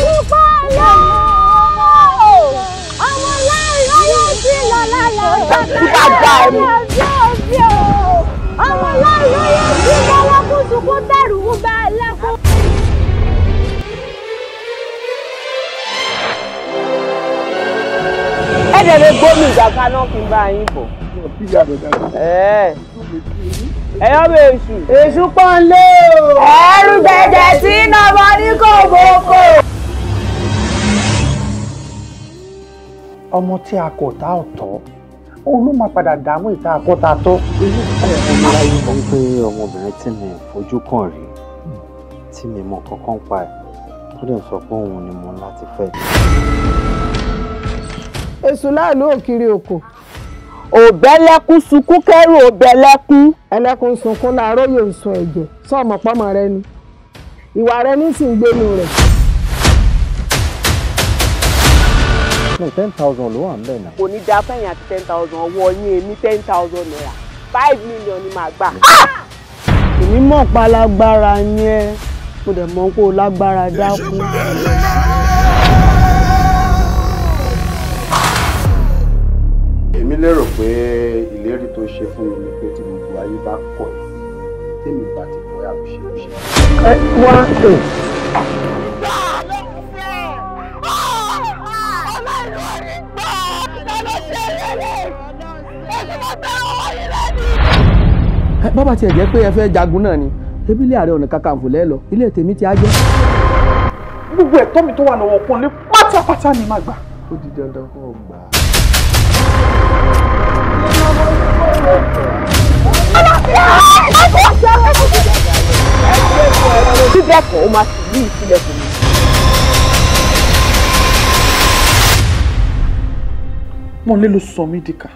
Pupa lọ. Ọmọ láìró yóò sí lọ lálẹ́ ọjọ́ kan. Ọmọ láìró yóò sí lọ lọ́kùnkùnkùn dẹ̀rù gbà lẹ́kùn. Ẹ̀dẹ̀ lè gbómi ìjàpá náà kí n bá yín bọ̀. Ẹ̀yọ́ bẹ̀ èṣù. Èṣù pọ́n lé o. Ẹ̀rù gbẹ̀gẹ̀ tí iná ní kò bó. ọmọ tí a kọ̀ tá ọ̀tọ̀ òun ló máa padà dààmú ìta àkọ́ta tó. láyé mo ń pe ọmọbìnrin tí mi fojú kàn rí tí mi mọ kankan pa ẹ̀ tó dẹ̀ sọ pé òun ni mo láti fẹ́. èṣù láàlú òkiri òkò. òbẹ́lẹ́kún sunkún kẹ́rù òbẹ́lẹ́kún. ẹlẹ́kùn sunkún làárọ̀ yóò sun ẹ̀jẹ̀ sọ́ọ̀mọ̀pọ̀mọ̀ rẹ ni ìwà rẹ ní sì ń gbénu rẹ̀. no ten thousand ló wà ń bẹ̀ náà. kò ní da fẹ́yìn àti ten thousand ọwọ́ yín èmi ten thousand naira five million ni màá gbà. Mm. Ah! èmi mọ̀ pa lágbára ni ẹ mo dẹ̀ mọ̀ kó o lágbára dákú. èmi lérò pé ìlérí tó ṣe fún mi ni pé tí gbogbo ayé bá kọ̀ ẹ́ tèmi bá ti kọ̀ ẹ́ àbùṣe. ẹ wá ẹ. bọ́bá tiẹ̀ jẹ́ pé ẹ fẹ́ jagun náà ni ebi ilé ààrẹ ọ̀nà kakanfò lẹ́ lọ ilé tèmi ti á jẹ́. gbogbo ẹ̀tọ́ mi tó wà lọ́wọ́ kún lé pátápátá ni màá gbà. ó di dandan kó o gbà. bíbẹ̀ kọ́ ó máa sì yí ìsílẹ̀ fún mi. wọ́n lé ló sọ mí dìkà.